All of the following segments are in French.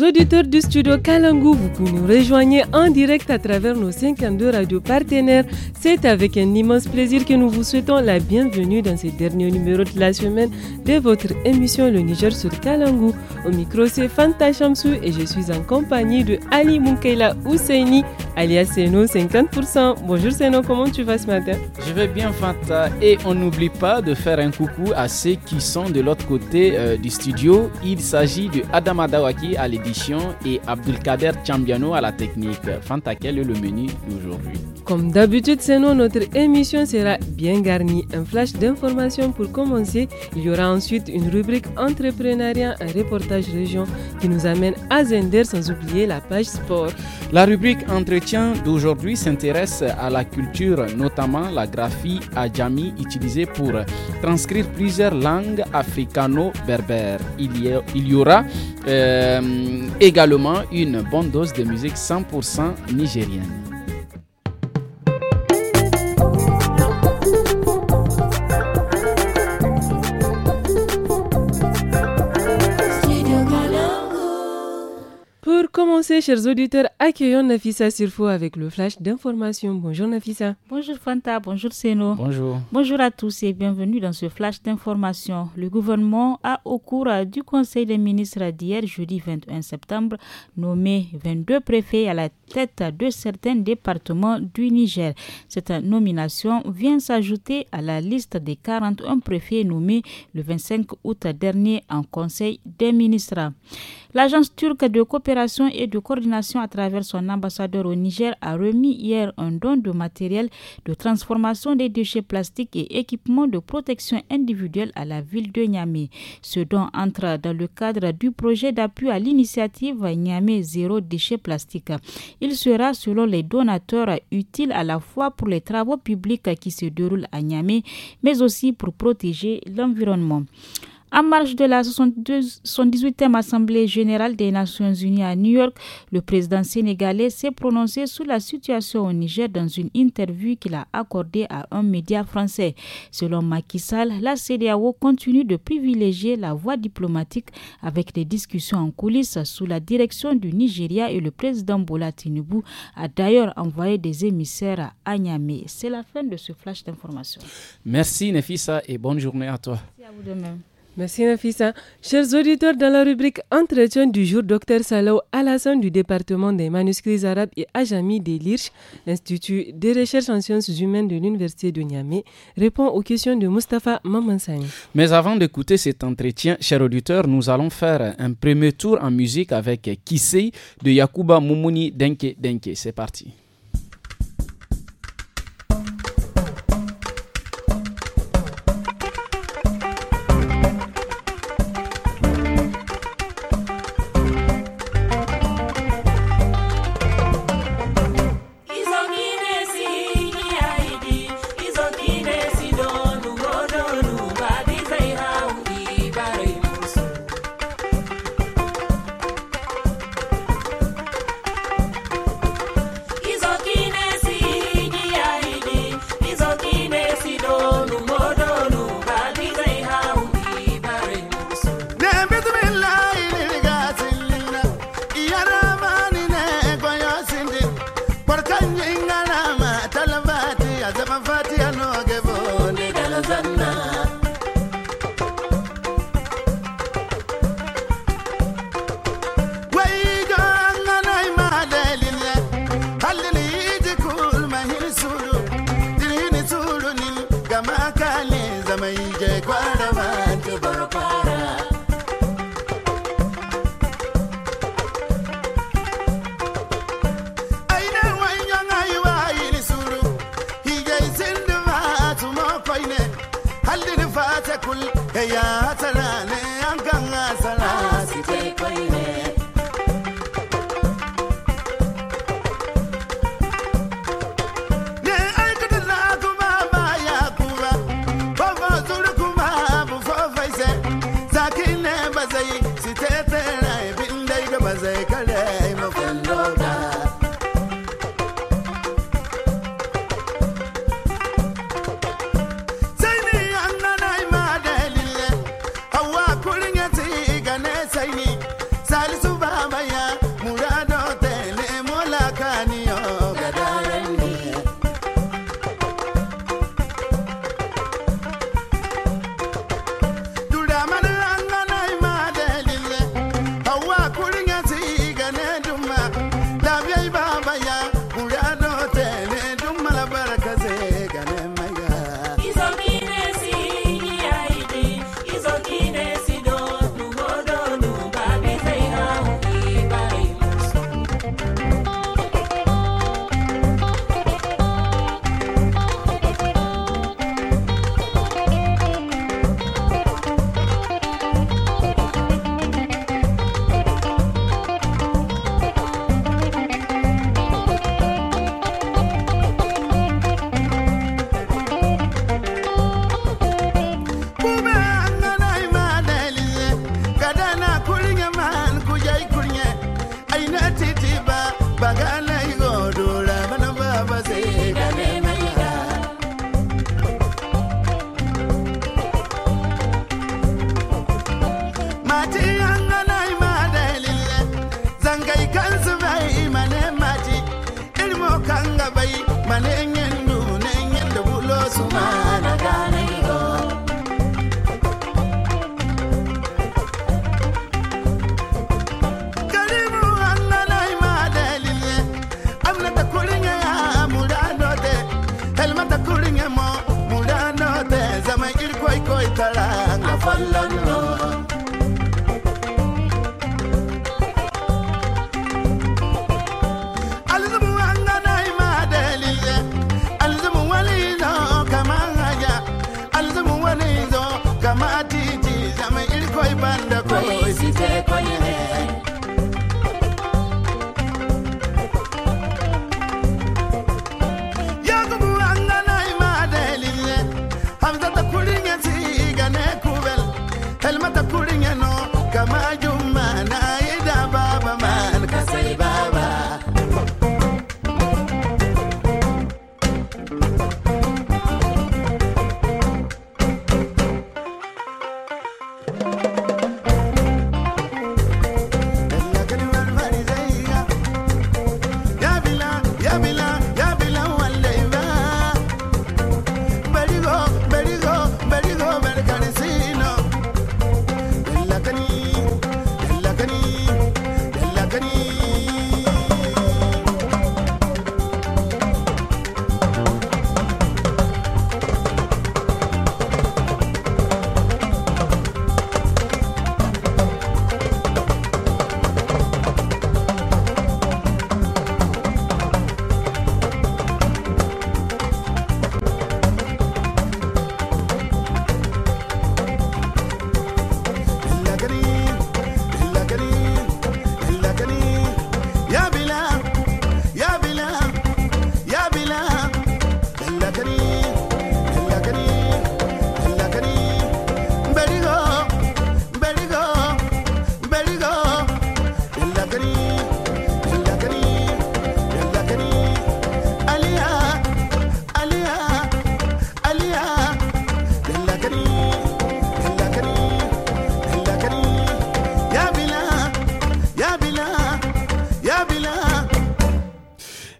auditeurs du studio Kalangu, vous pouvez nous rejoindre en direct à travers nos 52 radios partenaires. C'est avec un immense plaisir que nous vous souhaitons la bienvenue dans ce dernier numéro de la semaine de votre émission Le Niger sur Kalangu. Au micro, c'est Fanta Chamsou et je suis en compagnie de Ali Munkeila Ousseini, alias Seno 50%. Bonjour Seno, comment tu vas ce matin Je vais bien Fanta et on n'oublie pas de faire un coucou à ceux qui sont de l'autre côté euh, du studio. Il s'agit de Adama Adawaki, Ali et Abdulkader Chambiano à la technique. Fanta, est le menu d'aujourd'hui Comme d'habitude, c'est nous, notre émission sera bien garnie. Un flash d'informations pour commencer. Il y aura ensuite une rubrique entrepreneuriat, un reportage région qui nous amène à Zender sans oublier la page sport. La rubrique entretien d'aujourd'hui s'intéresse à la culture, notamment la graphie Adjami utilisée pour transcrire plusieurs langues africano-berbères. Il, y aura euh, également une bonne dose de musique 100% nigérienne. pour commencer, chers auditeurs, accueillons Nafissa Sirfo avec le flash d'information. Bonjour Nafissa. Bonjour Fanta, bonjour Seno. Bonjour. Bonjour à tous et bienvenue dans ce flash d'information. Le gouvernement a, au cours du Conseil des ministres d'hier, jeudi 21 septembre, nommé 22 préfets à la tête de certains départements du Niger. Cette nomination vient s'ajouter à la liste des 41 préfets nommés le 25 août dernier en Conseil des ministres. L'agence turque de coopération et de coordination à travers son ambassadeur au Niger a remis hier un don de matériel de transformation des déchets plastiques et équipements de protection individuelle à la ville de Niamey. Ce don entre dans le cadre du projet d'appui à l'initiative Niamey Zéro Déchets Plastiques. Il sera, selon les donateurs, utile à la fois pour les travaux publics qui se déroulent à Niamey, mais aussi pour protéger l'environnement. En marge de la 78e Assemblée générale des Nations unies à New York, le président sénégalais s'est prononcé sur la situation au Niger dans une interview qu'il a accordée à un média français. Selon Macky Sall, la CDAO continue de privilégier la voie diplomatique avec des discussions en coulisses sous la direction du Nigeria et le président Bola Tinubu a d'ailleurs envoyé des émissaires à Niamey. C'est la fin de ce flash d'information. Merci Nefissa et bonne journée à toi. Merci à vous de même. Merci Nafisa. Chers auditeurs, dans la rubrique Entretien du jour, Dr Salou Alassane du département des manuscrits arabes et Ajami Delirch, Lirch, l'Institut des recherches en sciences humaines de l'Université de Niamey, répond aux questions de Mustapha Mamansani. Mais avant d'écouter cet entretien, chers auditeurs, nous allons faire un premier tour en musique avec Kissei de Yakuba Moumouni Denke Denke. C'est parti.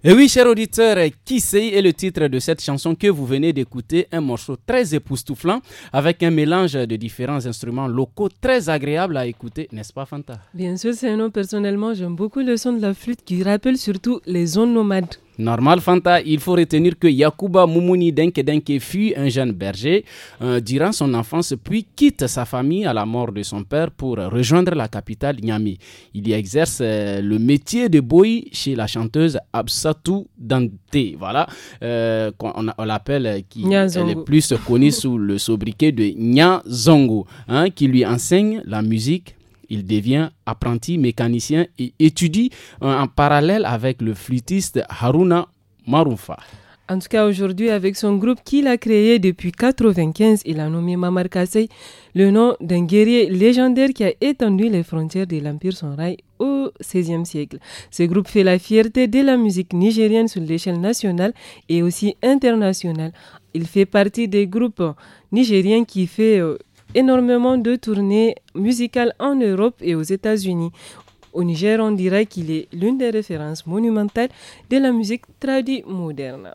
Et oui, cher auditeur, qui est le titre de cette chanson que vous venez d'écouter, un morceau très époustouflant avec un mélange de différents instruments locaux très agréable à écouter, n'est-ce pas Fanta Bien sûr, c'est un personnellement, j'aime beaucoup le son de la flûte qui rappelle surtout les zones nomades. Normal Fanta, il faut retenir que Yakuba Mumuni Denke Denke fut un jeune berger euh, durant son enfance, puis quitte sa famille à la mort de son père pour rejoindre la capitale Niamey. Il y exerce euh, le métier de boy chez la chanteuse Absatu Dante. Voilà, euh, on, l'appelle, qui elle est plus connue sous le sobriquet de Nyazongo hein, qui lui enseigne la musique il devient apprenti mécanicien et étudie en parallèle avec le flûtiste Haruna Marufa. En tout cas, aujourd'hui, avec son groupe qu'il a créé depuis 1995, il a nommé Mamar le nom d'un guerrier légendaire qui a étendu les frontières de l'Empire Sonrai au XVIe siècle. Ce groupe fait la fierté de la musique nigérienne sur l'échelle nationale et aussi internationale. Il fait partie des groupes nigériens qui fait euh, énormément de tournées musicales en Europe et aux États-Unis. Au Niger, on dirait qu'il est l'une des références monumentales de la musique tradie moderne.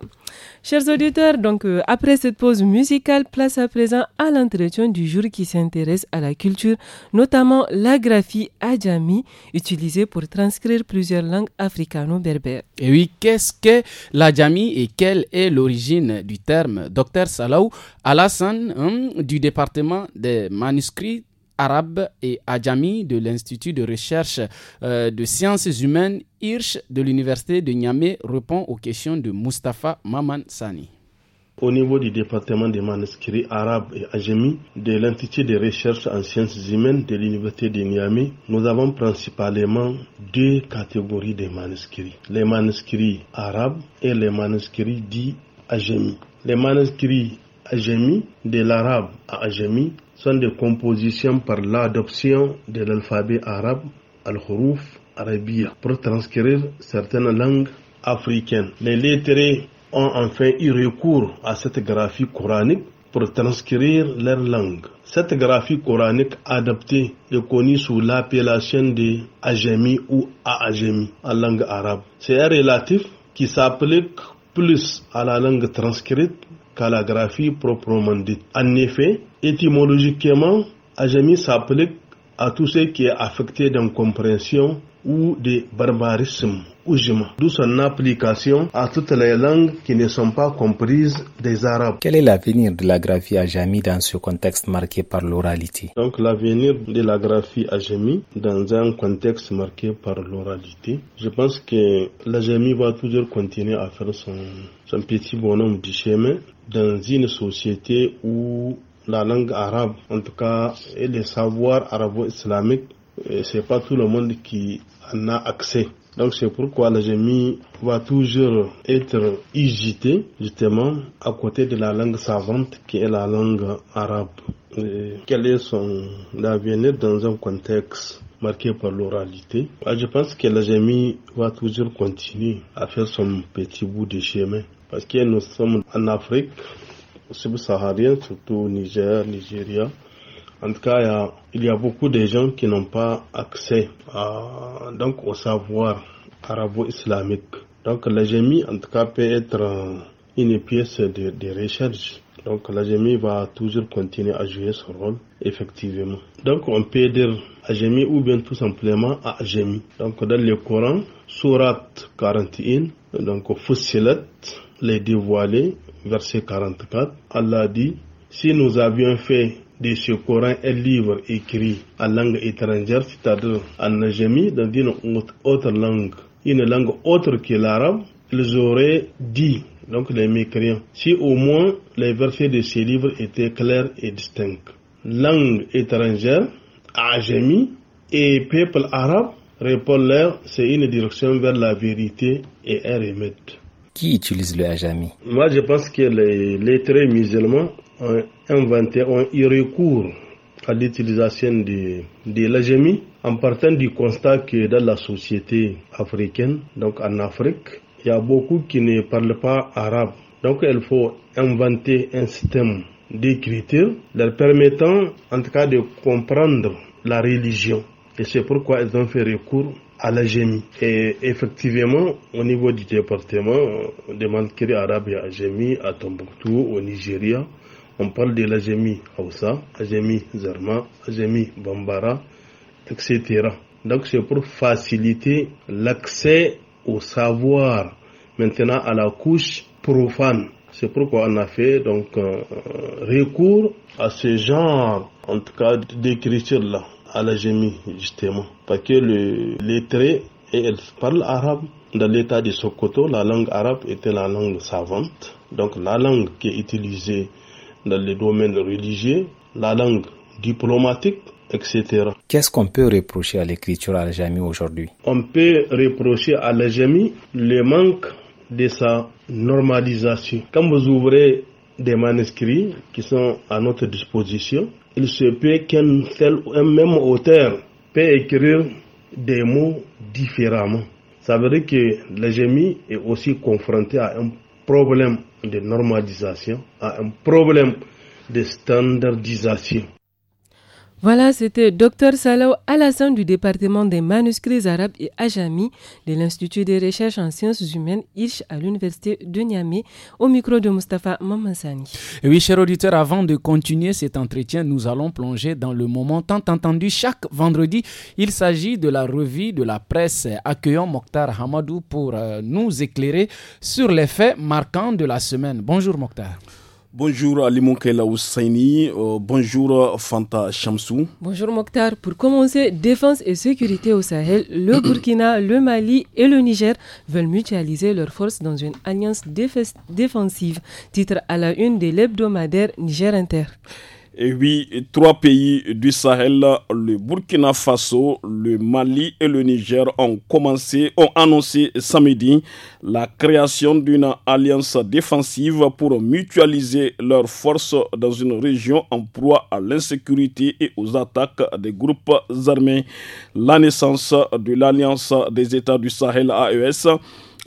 Chers auditeurs, donc euh, après cette pause musicale, place à présent à l'entretien du jour qui s'intéresse à la culture, notamment la graphie adjami, utilisée pour transcrire plusieurs langues africano-berbères. Et oui, qu'est-ce que l'adjami et quelle est l'origine du terme Docteur Salaou Alassane hein, du département des manuscrits arabe et Adjami de l'Institut de recherche euh, de sciences humaines Hirsch de l'Université de Niamey répond aux questions de Mustapha Maman Sani. Au niveau du département des manuscrits arabes et Ajami de l'Institut de recherche en sciences humaines de l'Université de Niamey, nous avons principalement deux catégories de manuscrits. Les manuscrits arabes et les manuscrits dits Ajami. Les manuscrits Ajami de l'arabe à Ajami sont des compositions par l'adoption de l'alphabet arabe, al-huruf arabia, pour transcrire certaines langues africaines. Les lettrés ont enfin eu recours à cette graphie coranique pour transcrire leur langue. Cette graphie coranique adaptée est connue sous l'appellation de Ajami ou Aajami en langue arabe. C'est un relatif qui s'applique plus à la langue transcrite qu'à la graphie proprement dite. En effet, étymologiquement, Ajami s'applique à tout ce qui est affecté d'incompréhension ou de barbarisme d'où son application à toutes les langues qui ne sont pas comprises des Arabes. Quel est l'avenir de la graphie ajami dans ce contexte marqué par l'oralité Donc l'avenir de la graphie ajami dans un contexte marqué par l'oralité, je pense que l'ajami va toujours continuer à faire son, son petit bonhomme du chemin dans une société où la langue arabe, en tout cas, et les savoirs arabo-islamiques, c'est pas tout le monde qui en a accès. Donc c'est pourquoi la gémie va toujours être hésitée justement à côté de la langue savante qui est la langue arabe. quel est son avenir dans un contexte marqué par l'oralité bah, Je pense que la gémie va toujours continuer à faire son petit bout de chemin parce que nous sommes en Afrique subsaharienne, surtout au Niger, Nigeria. En tout cas, il y a, beaucoup de gens qui n'ont pas accès à, donc, au savoir arabo-islamique. Donc l'AGMI, en tout cas, peut être euh, une pièce de, recherche. Donc l'AGMI va toujours continuer à jouer son rôle, effectivement. Donc on peut dire AGMI ou bien tout simplement AGMI. Donc dans le Coran, Surat 41, donc Fussilat, les dévoiler, verset 44, Allah dit, si nous avions fait de ce Coran un livre écrit en langue étrangère, c'est-à-dire en ajami, dans une autre langue, une langue autre que l'arabe, ils auraient dit, donc les mécréants, si au moins les versets de ce livre étaient clairs et distincts. Langue étrangère, ajami et peuple arabe, répondent leur, c'est une direction vers la vérité et un remède qui utilise le hajami Moi, je pense que les, lettrés musulmans ont inventé, ont eu recours à l'utilisation de, de en partant du constat que dans la société africaine, donc en Afrique, il y a beaucoup qui ne parlent pas arabe. Donc, il faut inventer un système d'écriture leur permettant, en tout cas, de comprendre la religion. Et c'est pourquoi ils ont fait recours à la Et effectivement, au niveau du département de Malkiri arabe à GEMI, à Tombouctou, au Nigeria, on parle de la Hausa, GEMI Zarma, GEMI Bambara, etc. Donc c'est pour faciliter l'accès au savoir maintenant à la couche profane. C'est pourquoi on a fait donc recours à ce genre, en tout cas, d'écriture-là à la justement. Parce que les traits et elle parle arabe. Dans l'état de Sokoto, la langue arabe était la langue savante. Donc la langue qui est utilisée dans les domaines religieux, la langue diplomatique, etc. Qu'est-ce qu'on peut reprocher à l'écriture al aujourd'hui On peut reprocher à l'Ajami le manque de sa normalisation. Quand vous ouvrez des manuscrits qui sont à notre disposition, il se peut qu'un même auteur peut écrire des mots différemment. Ça veut dire que la est aussi confronté à un problème de normalisation, à un problème de standardisation. Voilà, c'était Dr Salah Alassane du département des manuscrits arabes et ajami de l'Institut des recherches en sciences humaines ICH à l'Université de Niamey au micro de Mustapha Mamansani. Oui, chers auditeurs, avant de continuer cet entretien, nous allons plonger dans le moment tant entendu chaque vendredi. Il s'agit de la revue de la presse accueillant Mokhtar Hamadou pour euh, nous éclairer sur les faits marquants de la semaine. Bonjour Mokhtar. Bonjour Ali Oussaini, euh, bonjour Fanta Chamsou. Bonjour Mokhtar. Pour commencer, défense et sécurité au Sahel, le Burkina, le Mali et le Niger veulent mutualiser leurs forces dans une alliance défensive, titre à la une de l'hebdomadaire Niger Inter. Et oui, trois pays du Sahel, le Burkina Faso, le Mali et le Niger ont commencé, ont annoncé samedi la création d'une alliance défensive pour mutualiser leurs forces dans une région en proie à l'insécurité et aux attaques des groupes armés. La naissance de l'Alliance des États du Sahel AES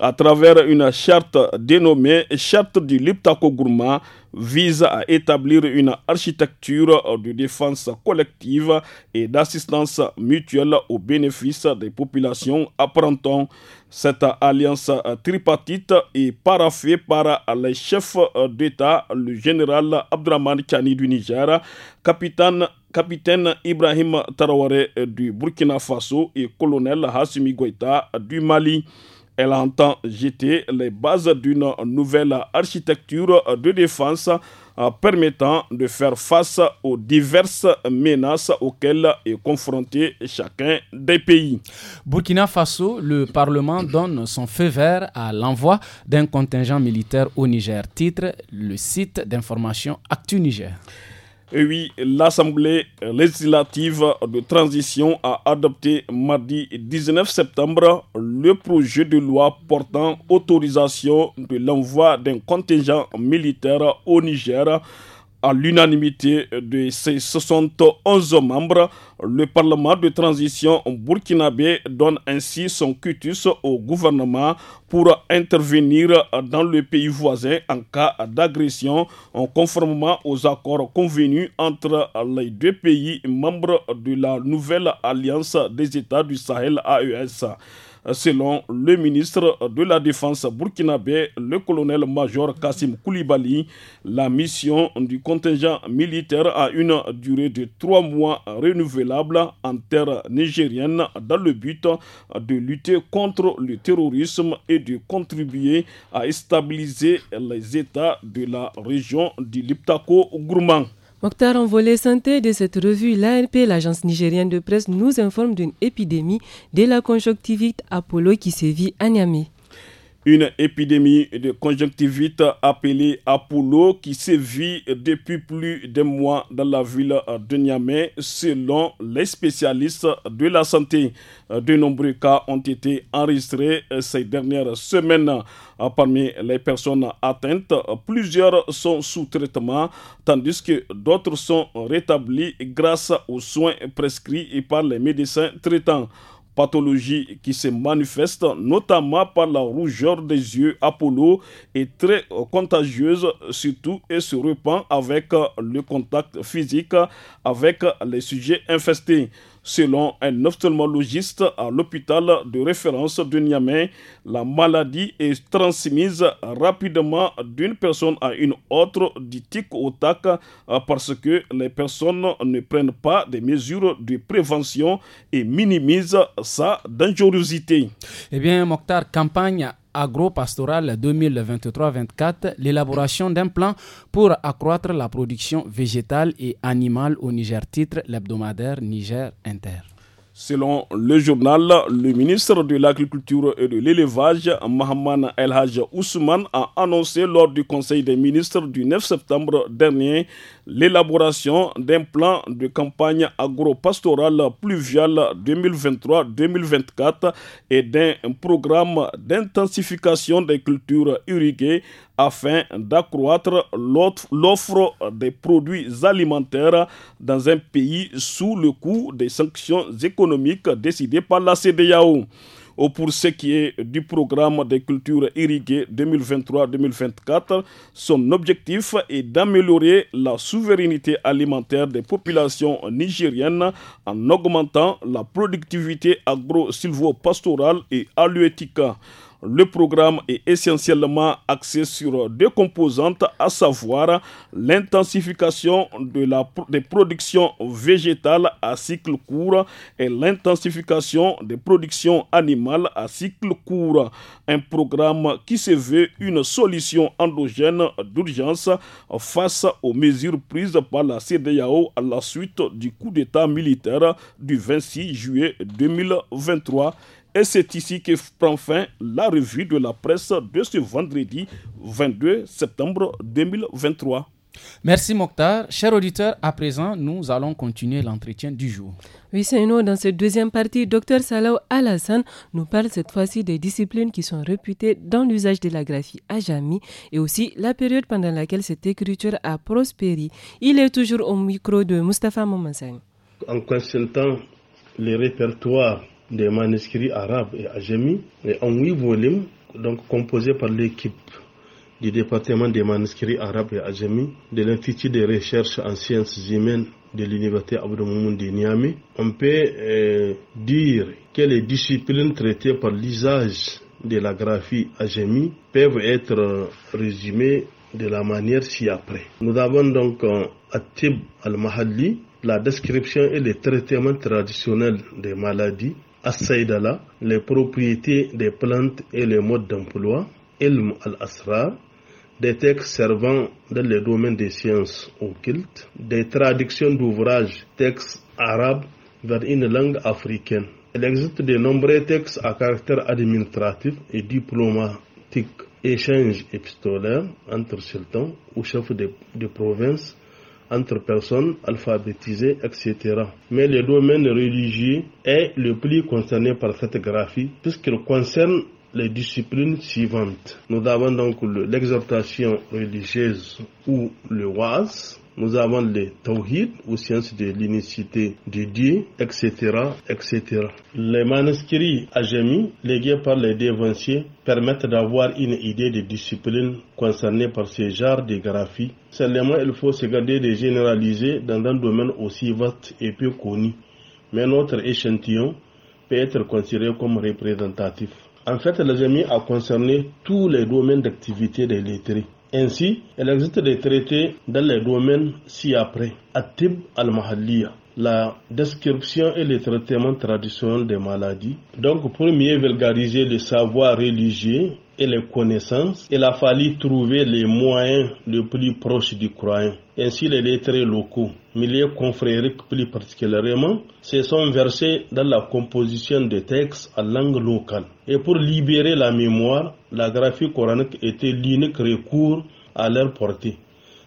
à travers une charte dénommée Charte du Liptako Gourma vise à établir une architecture de défense collective et d'assistance mutuelle au bénéfice des populations apprentant. Cette alliance tripartite est paraffée par les chefs d'État, le général Abdraman Chani du Niger, capitaine capitaine Ibrahim Taraware du Burkina Faso et colonel Hassimi Goïta du Mali. Elle entend jeter les bases d'une nouvelle architecture de défense euh, permettant de faire face aux diverses menaces auxquelles est confronté chacun des pays. Burkina Faso, le Parlement donne son feu vert à l'envoi d'un contingent militaire au Niger, titre le site d'information Actu Niger. Et oui, l'Assemblée législative de transition a adopté mardi 19 septembre le projet de loi portant autorisation de l'envoi d'un contingent militaire au Niger à l'unanimité de ses 71 membres, le Parlement de transition burkinabé donne ainsi son cutus au gouvernement pour intervenir dans le pays voisin en cas d'agression, en conformément aux accords convenus entre les deux pays membres de la nouvelle alliance des États du Sahel AES selon le ministre de la Défense burkinabé, le colonel-major Kassim Koulibaly. La mission du contingent militaire a une durée de trois mois renouvelable en terre nigérienne dans le but de lutter contre le terrorisme et de contribuer à stabiliser les États de la région du Liptako-Gourmand. Mokhtar, en volet santé de cette revue, l'ANP, l'agence nigérienne de presse, nous informe d'une épidémie de la conjonctivite Apollo qui sévit à Niamey. Une épidémie de conjonctivite appelée Apollo qui sévit depuis plus de mois dans la ville de Niamey selon les spécialistes de la santé. De nombreux cas ont été enregistrés ces dernières semaines. Parmi les personnes atteintes, plusieurs sont sous traitement tandis que d'autres sont rétablis grâce aux soins prescrits par les médecins traitants pathologie qui se manifeste notamment par la rougeur des yeux Apollo est très euh, contagieuse surtout et se répand avec euh, le contact physique avec euh, les sujets infestés. Selon un ophtalmologiste à l'hôpital de référence de Niamey, la maladie est transmise rapidement d'une personne à une autre du tic au tac parce que les personnes ne prennent pas des mesures de prévention et minimisent sa dangerosité. Eh bien, Mokhtar, campagne agro pastoral 2023-24 l'élaboration d'un plan pour accroître la production végétale et animale au Niger titre l'hebdomadaire Niger Inter. Selon le journal, le ministre de l'Agriculture et de l'Élevage, Mohamed El Haj Ousmane, a annoncé lors du Conseil des ministres du 9 septembre dernier l'élaboration d'un plan de campagne agropastorale pluviale 2023-2024 et d'un programme d'intensification des cultures irriguées afin d'accroître l'offre des produits alimentaires dans un pays sous le coup des sanctions économiques décidées par la CDAO pour ce qui est du programme des cultures irriguées 2023-2024, son objectif est d'améliorer la souveraineté alimentaire des populations nigériennes en augmentant la productivité agro-silvopastorale et halieutique. Le programme est essentiellement axé sur deux composantes, à savoir l'intensification de la, des productions végétales à cycle court et l'intensification des productions animales à cycle court. Un programme qui se veut une solution endogène d'urgence face aux mesures prises par la CDAO à la suite du coup d'État militaire du 26 juillet 2023 et c'est ici que prend fin la revue de la presse de ce vendredi 22 septembre 2023. Merci Mokhtar. Chers auditeurs, à présent, nous allons continuer l'entretien du jour. Oui, nous. dans cette deuxième partie, Dr Salah Alassane nous parle cette fois-ci des disciplines qui sont réputées dans l'usage de la graphie à Jamie et aussi la période pendant laquelle cette écriture a prospéré. Il est toujours au micro de Mustapha Momansang. En consultant les répertoires des manuscrits arabes et ajami en huit volumes, donc composés par l'équipe du département des manuscrits arabes et ajami de l'Institut de recherche en sciences humaines de l'Université Abdelmoumoun de Niamey. On peut euh, dire que les disciplines traitées par l'usage de la graphie ajami peuvent être euh, résumées de la manière ci-après. Nous avons donc à euh, Atib al-Mahalli, la description et le traitement traditionnel des maladies Assaidala, les propriétés des plantes et les modes d'emploi, Ilm al-Asrar, des textes servant dans le domaine des sciences occultes, des traductions d'ouvrages, textes arabes vers une langue africaine. Il existe de nombreux textes à caractère administratif et diplomatique, échanges épistolaires entre sultans ou chefs de province entre personnes alphabétisées, etc. Mais le domaine religieux est le plus concerné par cette graphie puisqu'il concerne les disciplines suivantes. Nous avons donc l'exhortation religieuse ou le was nous avons les tawhid ou sciences de l'unicité de Dieu, etc., etc. Les manuscrits Ajami, légués par les dévanciers, permettent d'avoir une idée des disciplines concernées par ce genre de graphie. Seulement, il faut se garder de généraliser dans un domaine aussi vaste et peu connu. Mais notre échantillon peut être considéré comme représentatif. En fait, l'Ajami a concerné tous les domaines d'activité des lettrés. Ainsi, il existe des traités dans les domaines ci-après, Atib al-Mahalliya, la description et le traitement traditionnel des maladies. Donc, mieux vulgariser le savoir religieux et les connaissances. Il a fallu trouver les moyens le plus proche du croyant. Ainsi, les lettrés locaux, milieux confrériques plus particulièrement, se sont versés dans la composition des textes en langue locale. Et pour libérer la mémoire, la graphie coranique était l'unique recours à leur portée.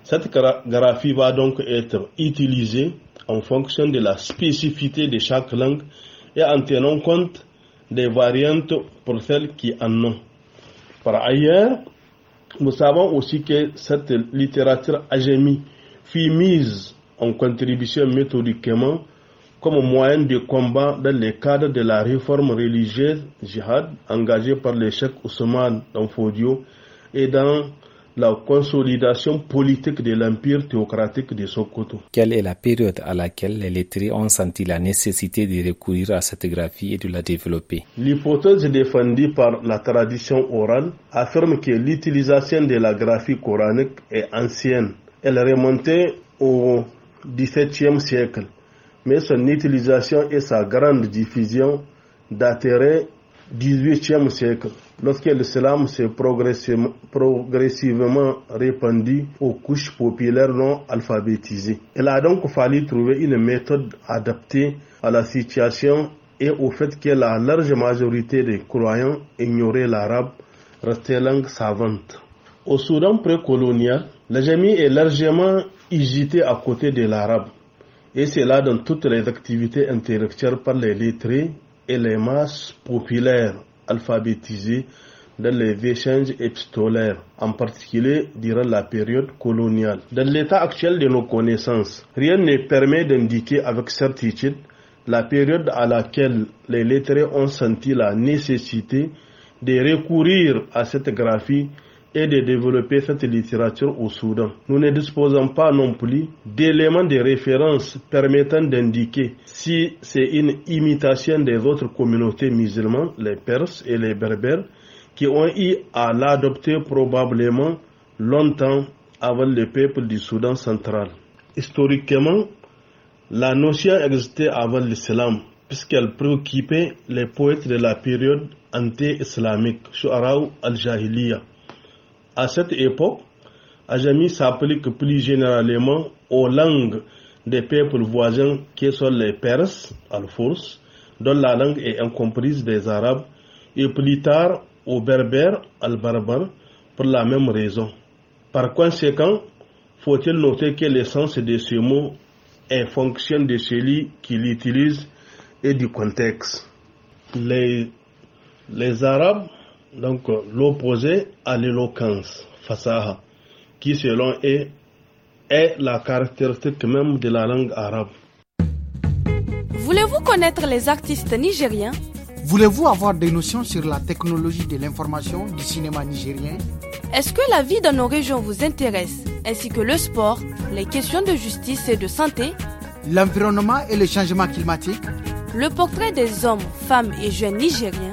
Cette graphie va donc être utilisée en fonction de la spécificité de chaque langue et en tenant compte des variantes pour celles qui en ont. Par ailleurs, nous savons aussi que cette littérature agémie fut mise en contribution méthodiquement comme moyen de combat dans le cadre de la réforme religieuse jihad engagée par l'échec cheikh dans Fodio et dans la consolidation politique de l'empire théocratique de Sokoto. Quelle est la période à laquelle les lettrés ont senti la nécessité de recourir à cette graphie et de la développer L'hypothèse défendue par la tradition orale affirme que l'utilisation de la graphie coranique est ancienne. Elle remontait au XVIIe siècle, mais son utilisation et sa grande diffusion dateraient du XVIIIe siècle lorsque l'islam s'est progressivement répandu aux couches populaires non alphabétisées. Il a donc fallu trouver une méthode adaptée à la situation et au fait que la large majorité des croyants ignoraient l'arabe, restait langue savante. Au Soudan précolonial, la est largement hésité à côté de l'arabe, et c'est là dans toutes les activités intellectuelles par les lettrés et les masses populaires alphabétisé dans les échanges épistolaires, en particulier durant la période coloniale. Dans l'état actuel de nos connaissances, rien ne permet d'indiquer avec certitude la période à laquelle les lettrés ont senti la nécessité de recourir à cette graphie et de développer cette littérature au Soudan. Nous ne disposons pas non plus d'éléments de référence permettant d'indiquer si c'est une imitation des autres communautés musulmanes, les Perses et les Berbères, qui ont eu à l'adopter probablement longtemps avant le peuple du Soudan central. Historiquement, la notion existait avant l'islam, puisqu'elle préoccupait les poètes de la période anti islamique Shu'araw al-Jahiliyyah. À cette époque, Ajami s'applique plus généralement aux langues des peuples voisins qui sont les Perses, al dont la langue est incomprise des Arabes, et plus tard aux Berbères, al pour la même raison. Par conséquent, faut-il noter que l'essence de ce mot est fonction de celui qui l'utilise et du contexte. Les, les Arabes donc l'opposé à l'éloquence, fasaha, qui selon elle, est la caractéristique même de la langue arabe. Voulez-vous connaître les artistes nigériens Voulez-vous avoir des notions sur la technologie de l'information du cinéma nigérien Est-ce que la vie dans nos régions vous intéresse, ainsi que le sport, les questions de justice et de santé L'environnement et le changement climatique Le portrait des hommes, femmes et jeunes nigériens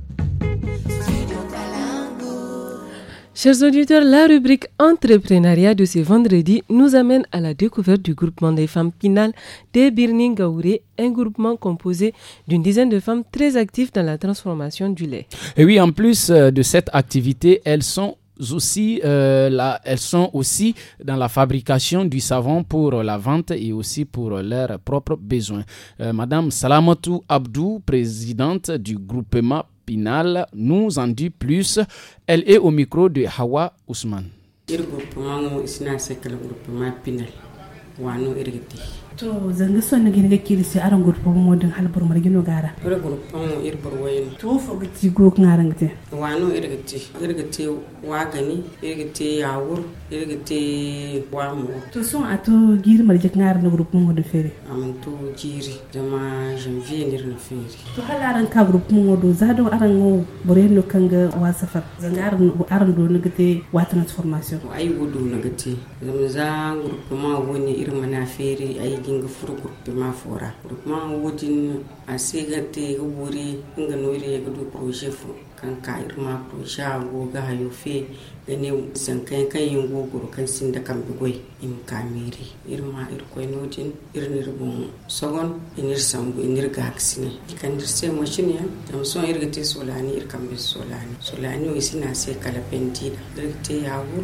Chers auditeurs, la rubrique entrepreneuriat de ce vendredi nous amène à la découverte du groupement des femmes pinales des Birningaouré, un groupement composé d'une dizaine de femmes très actives dans la transformation du lait. Et oui, en plus euh, de cette activité, elles sont aussi, euh, là, elles sont aussi dans la fabrication du savon pour la vente et aussi pour leurs propres besoins. Euh, Madame Salamatou Abdou, présidente du groupement Pinal nous en dit plus. Elle est au micro de Hawa Ousmane to zanga so nigi niga kirisi aran group mo din hal gara kore on mo ir bor wayin to fo gati go ngaran gati wano ir gati ir gati wa gani ir gati yawur ir gati wa mo to so ato gir margi ngaran group mo do fere am to giri jama janvier nir na fere to hal aran ka group mo do za do aran kanga wa safar zanga aran aran wa transformation ay wodo niga te zama za group mo woni ir mana fere kinga furu groupement fora groupement wodin a sega te ga bore inga noire ga do projet fo kan ka irma projet a go ga hayo fe ne sankan kan yin go guru kan sin da kan bi goi im ka miri irma ir koi nodin ir nir bon sogon inir sangu inir ga aksine kan dir se machine ya tam son ir ga te solani ir kan bi solani solani o isina se kala pentida dir te yawo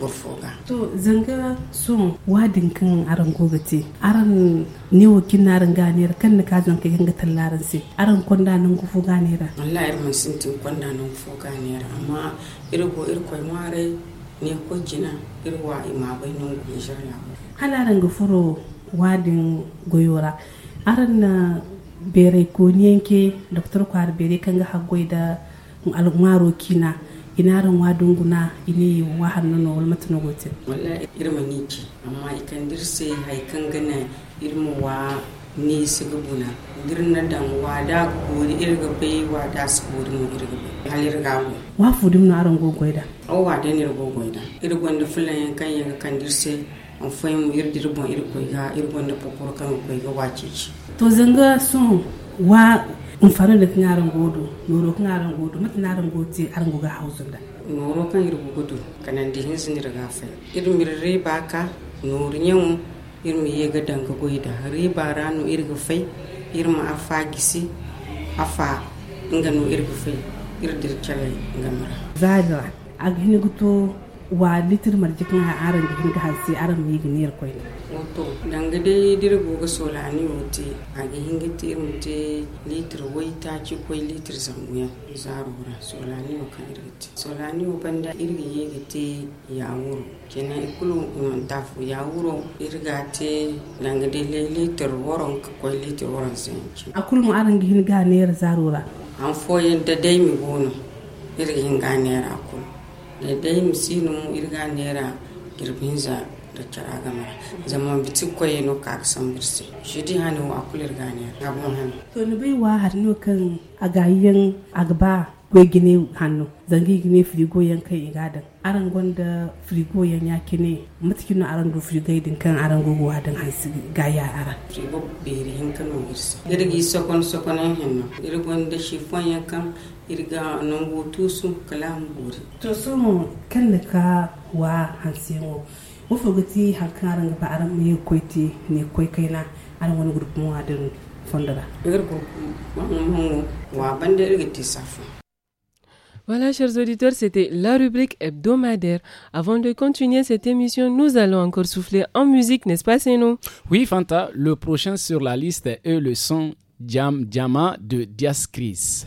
gofoga to zanga sun wadin kan aran gogate aran ne wakil wakin narin ganiyar kan na kazan ka yanga tallaran sai aran kwanda nan gofo ganiyar ya mun sun tin kwanda nan gofo ganiyar amma irgo irko mare ne ko jina irwa ima bai nan insha Allah halaran gofuro wadin goyora aran na bere ko niyanke doktor kwar bere kan ga hagoi da al'umma kina Ina inaran wadunguna ile wa hannuno wal na gote wallahi irma niki amma ikan dirse haikan gana irma wa ne su gabuna dirna dan da gori irga bai da su gori mu irga bai halir gawo wa fudum na gogoi da? o wada ne da. irgon da fulan kan yanga kan dirse an fayin irdi bon irgoi ga irgon da pokor kan ko ga wace to zanga sun wa um farole ko ŋara noro ko ŋara ngoɗo mata ŋara ngoti ar ngoga hawsunda noro kan ir kanandi un ir riba ka ga riba irma a gisi a fa no irga ir dir chale ngamara Zaga, ag to wa litir marjik na aran da hinga hansi aran mai giniyar kwai wato danga dai dirgo ga solani mutu a ga hinga te mutu litir wai ta ci kwai litir zanguya zarura solani wa kan irgiti solani wa banda irin ye ga te ya wuro kenan ikulu iman tafu ya wuro irga te danga dai litir woron ka kwai litir woron zanki a kulmu aran ga hinga ne zarura an foyin da dai mi gona. irga hinga ne da dai misinu mu irga nera girbinza da kira gama zama biti kwaye no ka san birsi shi di hanu a kulir gane abun hannu to ni bai wa har no kan agayen agba gwe gine hannu zangi gine frigo yankan igadan aran frigo ya yaki ne matikin aran do frigo din kan aran gogo hadin hansi ga ya ara frigo beri hin kan no irsi irgi sokon sokon hin no irgon da shi fon ya kan irga non go tusu kalam buri to mo kan da ka wa hansi mo mafogati hankaran ba aran mu koiti ne koi kaina aran wani gurbin wadin fondara irgo wa banda irga tisafu voilà, chers auditeurs, c'était la rubrique hebdomadaire. Avant de continuer cette émission, nous allons encore souffler en musique, n'est-ce pas, nous Oui, Fanta, le prochain sur la liste est le son Diam Diama de Dias Chris.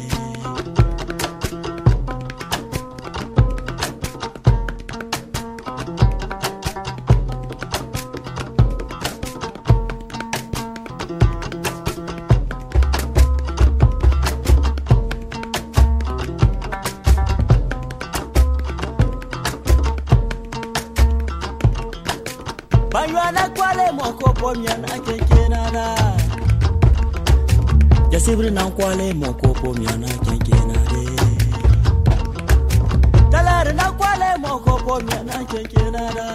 komian na kenana jasibiri nan kwale mo ko komian ake kenade talari nan kwale mo ko komian ake kenada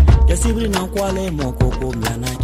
na nan kwale moko ko komian da.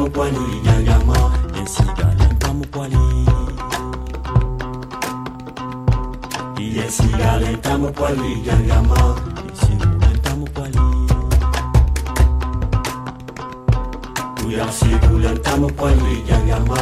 Nyama pwani ya nyama yesigala e ntamu mo yesigala ntamu pwani ya nyama yesigala ntamu pwani tuyasigula ntamu pwani ya nyama